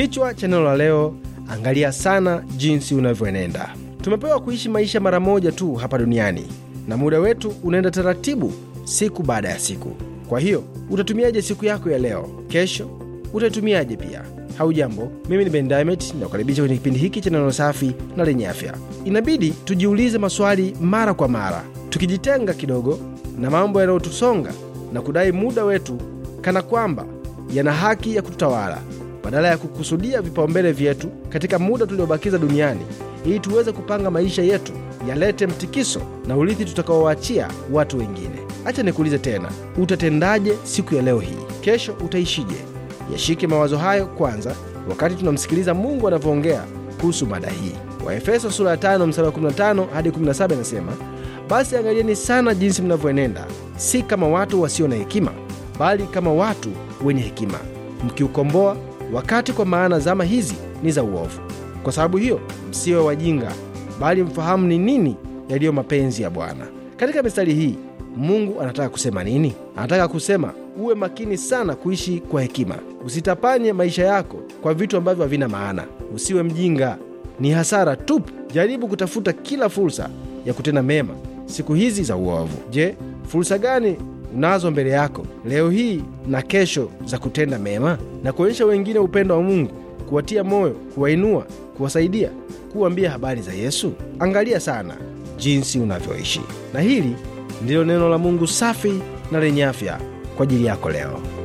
Kichwa cha neno la leo, angalia sana jinsi unavyoenenda. Tumepewa kuishi maisha mara moja tu hapa duniani, na muda wetu unaenda taratibu, siku baada ya siku. Kwa hiyo utatumiaje siku yako ya leo? Kesho utaitumiaje pia? Haujambo, mimi ni Ben Diamond na kukaribisha kwenye kipindi hiki cha neno safi na lenye afya. Inabidi tujiulize maswali mara kwa mara, tukijitenga kidogo na mambo yanayotusonga na kudai muda wetu kana kwamba yana haki ya kututawala badala ya kukusudia vipaumbele vyetu katika muda tuliobakiza duniani ili tuweze kupanga maisha yetu yalete mtikiso na urithi tutakaowachia watu wengine. Acha nikuulize tena, utatendaje siku ya leo hii? Kesho utaishije? Yashike mawazo hayo kwanza, wakati tunamsikiliza Mungu anavyoongea kuhusu mada hii. Waefeso sura ya 5 msara 15 hadi 17 inasema, basi angalieni sana jinsi mnavyoenenda, si kama watu wasio na hekima, bali kama watu wenye hekima, mkiukomboa wakati, kwa maana zama hizi ni za uovu. Kwa sababu hiyo, msiwe wajinga, bali mfahamu ni nini yaliyo mapenzi ya Bwana. Katika mistari hii Mungu anataka kusema nini? Anataka kusema uwe makini sana kuishi kwa hekima, usitapanye maisha yako kwa vitu ambavyo havina maana. Usiwe mjinga, ni hasara tupu. Jaribu kutafuta kila fursa ya kutenda mema siku hizi za uovu. Je, fursa gani unazo mbele yako leo hii na kesho za kutenda mema na kuonyesha wengine upendo wa Mungu, kuwatia moyo, kuwainua, kuwasaidia, kuwambia habari za Yesu. Angalia sana jinsi unavyoishi, na hili ndilo neno la Mungu safi na lenye afya kwa ajili yako leo.